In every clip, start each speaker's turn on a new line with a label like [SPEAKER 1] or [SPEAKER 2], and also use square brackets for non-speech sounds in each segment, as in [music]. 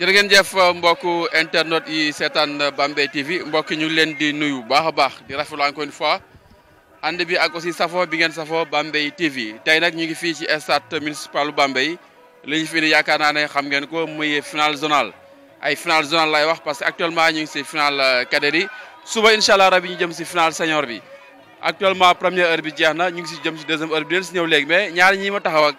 [SPEAKER 1] jërë jëf uh, mbokku internet yi seetaan uh, Bambey TV mbokk ñu leen di nuyu baaxa baax di rafetlu encore une fois ànd bi ak aussi safo bi ngeen safo Bambey TV tey nag ñu ngi fii ci stade municipal Bambey li ñu fi indi yaakaar naa ne xam ngeen ko muy final zonal ay final zonal lay wax parce que actuellement ñu ngi si final uh, cadets yi suba incha allah rabi ñu jëm si final senior bi actuellement première heure bi jeex na ñu ngi si jëm si deuxième heure bi dinañ si ñëw léegi mais ñaar ñi ma taxaw ak.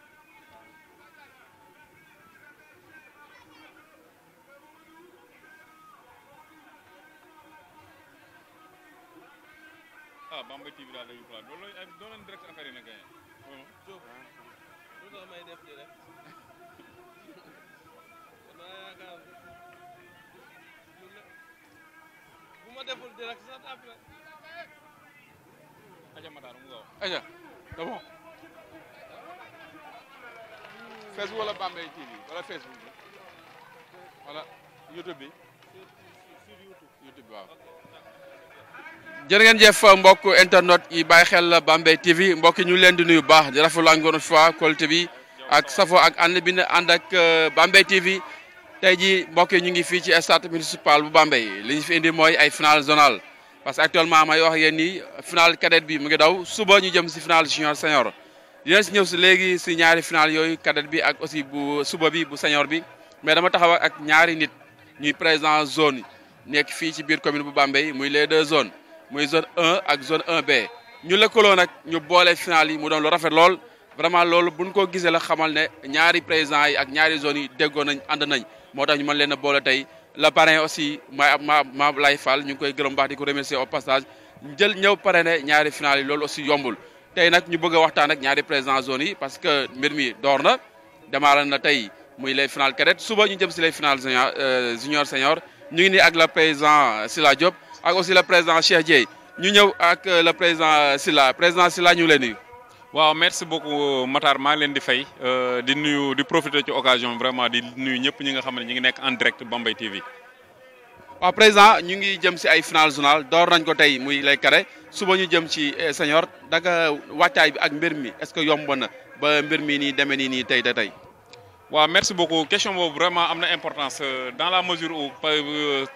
[SPEAKER 2] voilà Bamba TV daal dañuy plaat loolu ay doo leen
[SPEAKER 1] direct affaire yi nag [laughs] bu ma deful direct sax après. Aja Matar mu nga wax. Aja c'est bon. Facebook wala Bambey wala Facebook bi wala YouTube YouTube YouTube jërë ngeen jëf mbokk internet yi bàyyi xel Bambey TV mbokk yi ñu leen di nuyu baax di rafetlu encore une fois qualité bi ak safo ak ànd bi ne ànd ak euh, Bambey TV tey jii mbokk yi ñu ngi fii ci stade municipal bu Bambey li ñu fi indi mooy ay final zonal parce que actuellement may wax yéen ni final cadette bi mu ngi daw suba ñu jëm si final junior senior si ñëw si léegi si ñaari final yooyu cadette bi ak aussi bu suba bi bu senior bi mais dama taxaw ak ñaari nit ñuy président zone yi nek fi ci biir commune bu Bambey muy les deux zones muy zone 1 ak zone 1B ñu lëkkaloo nak ñu boole final yi mu doon lu rafet lool vraiment loolu buñ ko gisee la xamal ne ñaari président yi ak ñaari zones yi déggoo nañ ànd nañ moo tax ñu mën leen a boole tey le parrain aussi ma ma ma lay Fall ñu ngi koy gërëm baax di ko remercier au passage jël ñëw parrainé ñaari final yi loolu aussi yombul tey nak ñu bëgg a waxtaan ak ñaari président zone yi parce que mbir mi door na démarré na tey muy les final cadet suba ñu jëm si les final junior euh, junior senior ñu ngi nii ak le président Sila Diop ak aussi le président Cheikh ñu ñëw ak euh, le président euh, Sila président Sila ñu ngi lay
[SPEAKER 2] nuyu. waaw merci beaucoup euh, Matar maa leen di fay di nuyu di profiter ci occasion vraiment di nuyu ñëpp ñi nga xam ne ñu ngi nekk en direct Bambey TV.
[SPEAKER 1] waaw président ñu ngi jëm si ay final journal door nañ ko tey muy lay kare suba ñu jëm ci senior daga wàccaay bi ak mbir mi est-ce que yomb na ba mbir mi nii demee nii nii tey tey tey. merci
[SPEAKER 2] beaucoup question vraiment importante. Euh, dans la mesure où pratique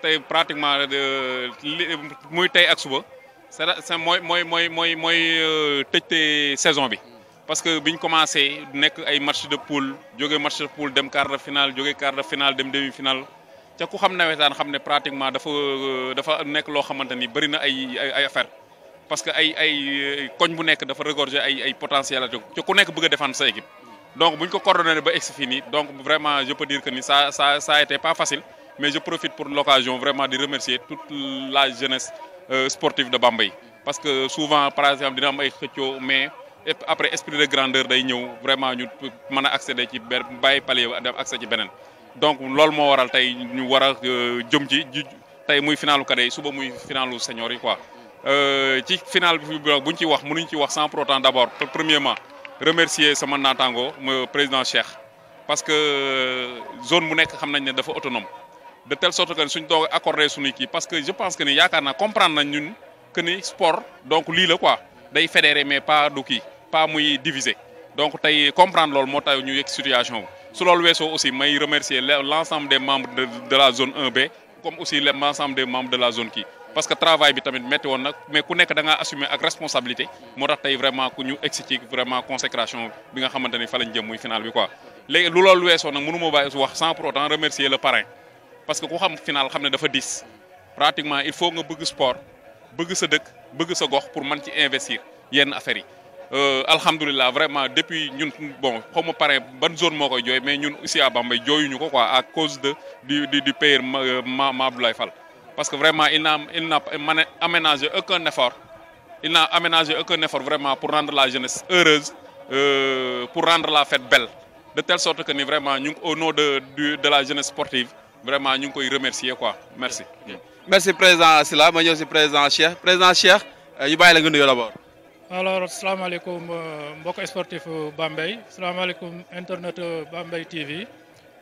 [SPEAKER 2] euh, pratiquement c'est saison parce que biñ commencé ay de poule jóge match de poule dem quart de finale quart de finale dem demi finale ku xam pratiquement dafa euh, dafa na ay parce que ay ay bu potentiel sa équipe donc bu ñu ko coordonné ba donc vraiment je peux dire que ça ça ça a été pas facile mais je profite pour l'occasion vraiment de remercier toute la jeunesse euh, sportive de Bambey parce que souvent par exemple dina am ay mais après esprit de grandeur day ñëw vraiment ñu mën a accéder ci benn bàyyi palier accès ci beneen donc loolu moo waral nous ñu war a euh, jëm ci ji tey muy finalu cadet yi suba muy finalu senior quoi euh, ci final bi ci wax mënuñ ci wax sans pour autant d'abord premièrement remercier sama naataango président Cheikh parce que euh, zone bu nek xamnañ autonome de telle sorte que suñ accordons accordé suñu ki parce que je pense que ni yakarna comprendre nañ que le sport donc li la quoi day fédérer mais pas du pas muy diviser donc comprendre lool mo tay ñu situation selon su aussi may remercier l'ensemble des membres de la zone 1B comme aussi l'ensemble des membres de la zone qui parce que travail bi tamit metti won nak mais ku nek da nga assumer ak responsabilité moo tax vraiment ku ñu egsi vraiment consécration bi nga xamante fa lañ jëm muy final bi quoi. légui lu lol weesoo nak mënu mo bay wax sans pour autant remercier le parrain parce que ku xam final xam ne dafa 10. pratiquement il faut nga bëgg sport bëgg sa dëkk bëgg sa gox pour man ci investir yenn affaire. yi. Euh, alhamdoulillah vraiment depuis ñun bon xawma ma parrain ban zone moo koy mais ñun aussi à Bambey joyu ñuko quoi à cause de du du du père euh, ma Fall parce que vraiment, il n'a, aménagé aucun effort. Il n'a aménagé aucun effort vraiment pour rendre la jeunesse heureuse, euh, pour rendre la fête belle. De telle sorte que nous, vraiment, au nom de, la jeunesse sportive, vraiment, nous pouvons remercier. Quoi. Merci.
[SPEAKER 1] Merci, Président Silla. Je Président Cheikh. Président Cheikh, vous avez aller d'abord.
[SPEAKER 3] Alors, salam alaikum, euh, beaucoup sportif Bambay. Salam alaikum, Internet Bambay TV.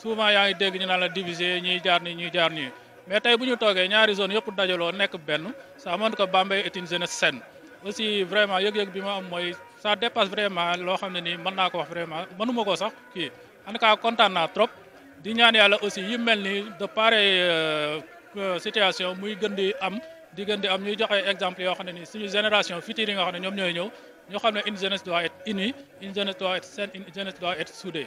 [SPEAKER 3] souvent yaa ngi dégg ñu naan la diviser ñi jaar ni ñi jaar ni mais tay bu ñu toogee ñaari zone yëpp dajalo nek ben ça montre que Bambey est une jeunesse saine aussi vraiment yëg-yëg bima am moy ça dépasse vraiment lo xamné ni man na ko wax vraiment mënuma ko sax ki en tout cas content na trop di ñaan yalla aussi yu melni de pareille euh, euh, situation muy gëndi am di gëndi am ñuy joxe exemple yo xamné ni suñu génération future yi nga xamné ñom ñoy ñew ñu xamné une jeunesse doit être unie une jeunesse doit être saine une jeunesse doit être soudée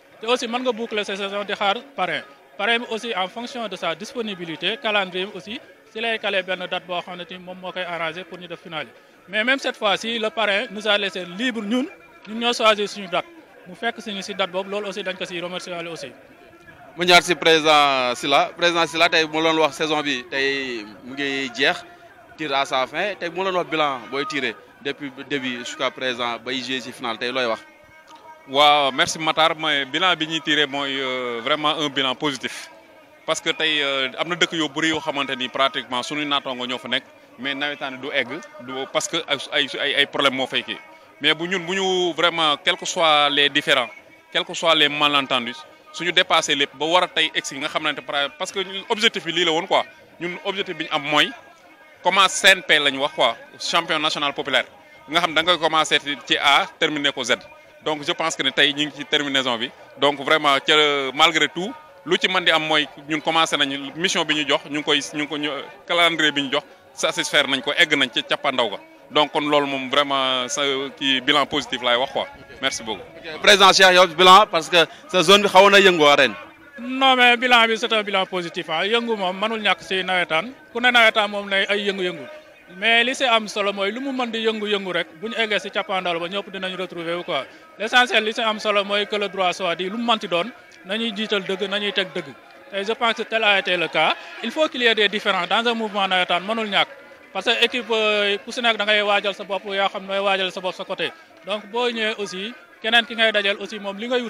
[SPEAKER 3] C'est aussi man nga boucler cette saison di xaar parrain parrain aussi en fonction de sa disponibilité calendrier aussi s'il là calé ben date bo xam ne mom mokay arranger pour ñu def finale mais même cette fois-ci le parrain nous a laissé libre ñun ñun ñoo choisir suñu date mu fekk suñu ci date bob lool aussi dañ ko ci remercier aussi.
[SPEAKER 1] mu ñaar ci président Sila, président Sila tay mo loon wax saison bi tay mu ngi jeex tir à sa fin tay mo loon wax bilan boy tiré depuis début jusqu'à présent ba joué ci finale tay loy wax. Wow, merci Matar
[SPEAKER 2] le bilan bi ñuy tiré est euh, vraiment un bilan positif parce que tey euh, am na dëkk yoo bëri yoo xamante pratiquement suñu naataango ñoo fa nekk mais nawetaan du egg du parce que ay ay ay problème problèmes. mais bu ñun vraiment quel que soit les différents quel que soit les malentendus suñu nous dépassons ba war a tey egg si nga xamante parce que l'objectif, bi ce la woon quoi ñun objectif bi am mooy comment CNP la quoi champion national populaire nga xam da nga commencé ci A terminé ko Z donc je pense que ne tey ñu ngi ci terminaison bi donc vraiment ca malgré tout lu ci mën di am mooy ñun commencé nañu mission bi ñu jox ñu ngi koy ñu ngi ko ñu calendrier bi ñu jox satisfaire nañ ko egg nañ ca cappaandaw ga donc kon loolu vraiment sa kii bilan positif laay wax quoi merci beaucoup.
[SPEAKER 1] président Cheikh yow bilan parce que cette zone bi xawoon na yëngu ren.
[SPEAKER 3] non mais bilan bi c'est un bilan positif ah yëngu moom mënul ñàkk si nawetaan ku ne nawetaan moom ne ay yëngu-yëngu. mais li si am solo mooy lu mu mën di yëngu-yëngu rek bu ñu eggee si cappaandaw ba ñëpp dinañ retrouver wu quoi l' li si am solo mooy que droit soit dit lu mu mënti doon nañuy jiital dëgg nañuy teg dëgg te je pense a été le il faut qu'il y ait dans un mouvement nawetaan mënul ñàkk parce que équipe euh, ku si waajal sa bopp yaa xam nooy waajal sa bopp sa côté donc boo ñëwee aussi keneen ki ngay dajal aussi moom li ngay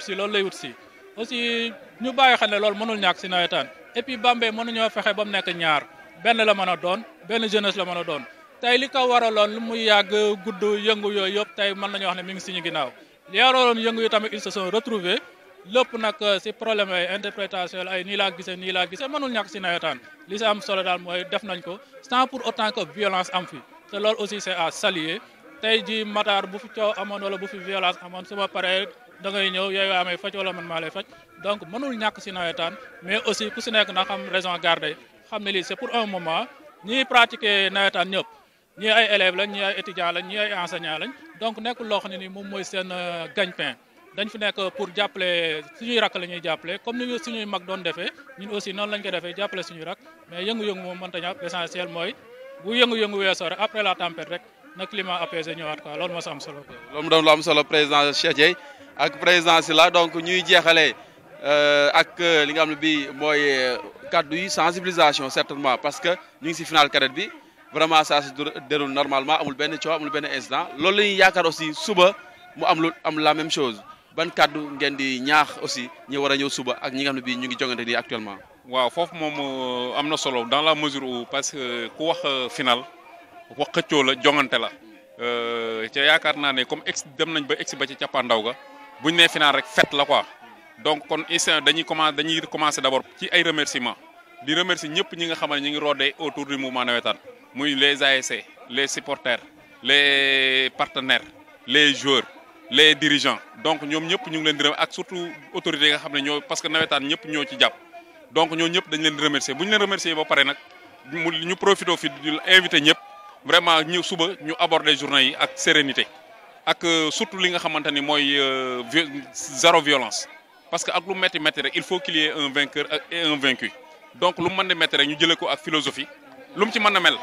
[SPEAKER 3] ben la mëna doon ben jeunesse la mëna doon tay li ko waraloon lu muy yag gudd yëngu yoy yop tay mën nañu wax ne mi ngi suñu ginaaw li waraloon yëngu yu tamit ils se sont retrouvés lepp nak euh, si problème ay interprétation ay ni la gisee ni la gisee mënul ñak ci nawetaan li ci am solo dal moy def nañ ko sans pour autant que violence am fi té lool aussi c'est à saluer tay ji Matar bu fi coow amone wala bu fi violence amone sama paré da ngay yoy amé fa faj wala man ma lay faj donc mënul ñak ci nawetaan mais aussi ku ci nek na xam raison garder xam ne c'est pour un moment ñiy pratiquer nawetaan ñëpp ñii ay élèves lañ ñii ay lañ ñii ay lañ donc nekk loo xam ne ni moom mooy seen euh, gagne-pain dañ fi nekk pour jàppale suñuy rakk la ñuy jàppale comme ni ñu mag doon defee ñun aussi noonu lañ ko defee jàppale suñuy rakk mais yëngu-yëngu moom mënta ñàkk l'essentiel mooy bu yëngu-yëngu weesoo rek après la tempête rek na climat apaisé ñëwaat quoi loolu am solo.
[SPEAKER 1] loolu doon am solo président Cheikh Dieye ak président Sylla donc ñuy jeexalee euh, ak euh, li nga xam ne bii mooy kaddu yi sensibilisation certainement parce que ñu ngi si final cadette bi vraiment ça se déroule normalement amul benn coow amul benn incident loolu la ñuy yaakaar aussi suba mu am lu am la même chose ban kaddu ngeen di ñaax aussi ñi wara a suba ak ñi nga xam ne ñu ngi actuellement.
[SPEAKER 2] waaw foofu moom euh, am solo dans la mesure où parce que ku wax euh, final wax xëccoo la jongante la ca euh, yaakaar ne comme ex dem nañ ba ex ba ci cappaandaw ga buñ final rek fête la quoi donc kon instant dañuy commencer dañuy commencé d'abord ci ay remerciements di remercier ñëpp ñi nga xamné ñi ngi rodé autour du mouvement nawetaan muy les ASC les supporters les partenaires les joueurs les dirigeants donc ñom ñëpp ñu ngi leen di remercier ak surtout autorité nga xamné ne ñoo parce que nawetaan ñëpp ñoo ci japp donc ñoo ñëpp dañ leen di remercier buñ leen remercier ba paré nak mu ñu profito fi di invité ñëpp vraiment ñu suba ñu aborder journée yi ak sérénité ak euh, surtout li nga xamante moy euh, zéro violence parce que ak lu métti il faut qu'il y ait un vainqueur et un vaincu donc lu mu mën nous métti rek ñu jëlee ko ak philosophie lu mu ci mën a mel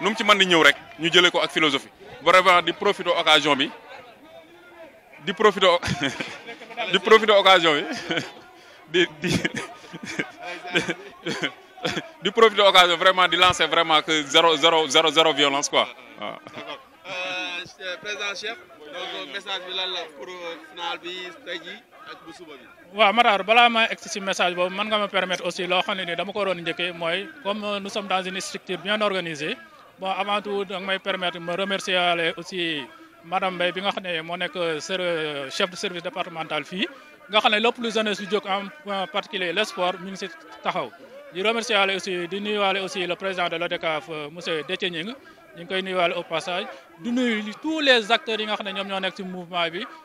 [SPEAKER 2] lu mu ci mën di rek ñu ko ak philosophie vraiment di profiter occasion bi di profiter [laughs] di profiter occasion bi [laughs] di di [laughs] di profiter occasion vraiment di lancer vraiment que zéro zéro zéro zéro violence quoi
[SPEAKER 1] Euh, président chef donc message bi lan la pour euh, final bi oui, je
[SPEAKER 3] comme nous sommes dans une structure bien organisée avant tout remercier aussi madame euh, euh, chef de service départemental fi nga est en particulier l'espoir, aussi le président de euh, au passage tous les acteurs mouvement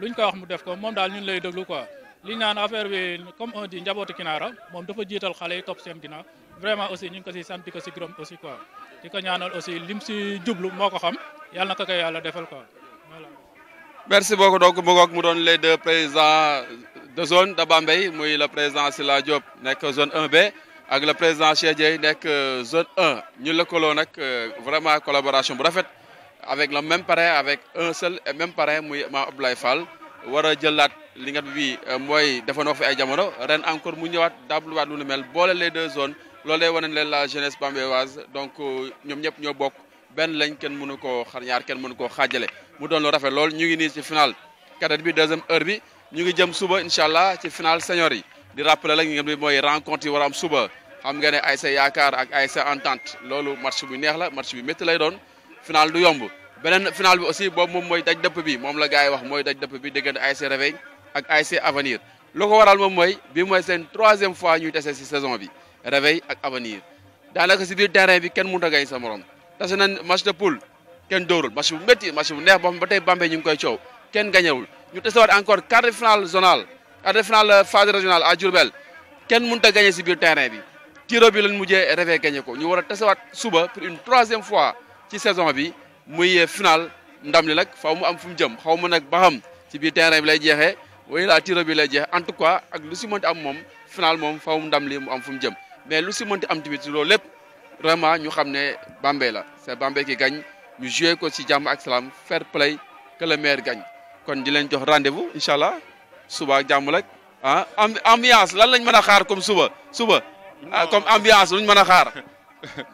[SPEAKER 3] luñ koy wax mu def ko moom daal ñun lay déglu quoi li naan affaire bi comme on dit njabootu Kinaara moom dafa jiital xale yi topp seen ginnaaw vraiment aussi ñu ngi ko si sant di ko si gërëm aussi quoi di ko ñaanal aussi lim si jublu moo ko xam yàlla na ko koy yàlla defal quoi voilà.
[SPEAKER 1] merci beaucoup donc mu ngoog mu doon les deux présidents de zone de Bambey muy le président Sila Diop nekk zone 1B ak le président Cheikh Dieye nekk zone 1 ñu lëkkaloo nag euh, vraiment collaboration bu rafet avec le même pareil avec un seul et même pareil muy Mame Abdoulaye Fall wara a li nga bi euh, moy defoon fi ay jamono ren encore mu ñëwaat wat lu mel les deux zones l'olé wone la jeunesse bambéoise donc euh, ñom ñep ñoo bok ben lañ ken mënu ko xar ñaar ken mënu ko xajalé mu doon lu rafet lool ñu ngi ni ci final cadet bi deuxième heure bi ñu ngi jëm suba inshallah ci final senior yi di rappeler la nga bi moy rencontre yi am suba xam nga ne ASC Yaakaar ak ASC Entente lolou match bu neex la match bi metti lay doon final du yomb benen final bi aussi bob mom moy daj depp bi mom la gars wax moy daj depp bi diggante ic Réveil ak ic Avenir loko waral mom moy bi moy sen 3e fois ñuy tase ci saison bi Réveil ak Avenir daanaka ci biir terrain bi kenn mënut a gañ sa morom tase nañ match de poule kenn dorul match bu metti match bu neex boo xam ba tey Bambey ñu koy ciow kenn gañewul ñu wat encore quart de finale zonal quart de finale euh, phase régionale à djourbel kenn mënut a gañe si biir terrain bi tiro bi lañ mujjé Réveil gañe ko ñu wara a wat suba pour une 3e fois ci saison bi muy final ndam li nag faaw mu am fu mu jëm xaw ma nag ba xam ci biir terrain bi lay jeexee wala laa tiro bi lay jeex en tout cas ak lu si mënti am moom final moom faaw mu ndam li mu am fu mu jëm mais lu si mënti am tamit loolu lépp vraiment ñu xam ne Bambey la c'est Bambey ki gañ ñu joué ko si jàmm ak salaam fair play que le maire gañ kon di leen jox rendez-vous incha allah suba ak jàmm rek ah ambiance lan lañ mën a xaar comme suba suba. Ah, comme ambiance luñ mën a xaar. [laughs]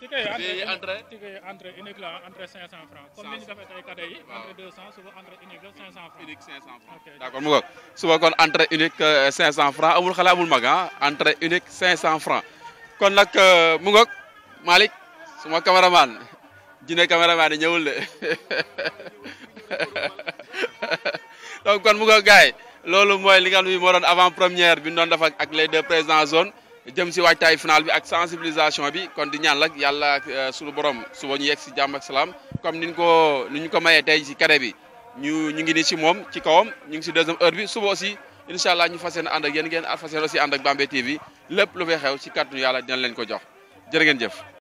[SPEAKER 3] ticket yi entrée entrée ticket yi entrée unique 500 francs comme ni ñu defee tey cadet
[SPEAKER 1] yi entrée 200 suba entrée unique 500 francs unique 500 francs d'accord mu ngoog suba kon unique 500 francs amul xala amul maga ah entrée unique 500 francs kon nag mu Malik, semua kameraman, cameraman jine cameraman yi ñëwul de donc [laughs] kon mu ngoog gars yi loolu mooy li nga xam ne avant première bi ñu doon def ak les deux présidents zone jëm si waajtaayu final bi ak sensibilisation bi kon di ñaan lak yàlla euh, suñu borom suba ñu yegg si jàmm ak salaam comme niñ ko ni ñu ko mayee tey si kare bi ñu ñu ngi ni si moom ci kawam ñu ngi si deuxième heure bi suba si incha allah ñu fas yéene ànd ak yéen ngeen fas yéene aussi ànd ak Bambey TV lépp lu fay xew si kàttanu yàlla dina leen ko jox jërë ngeen jëf.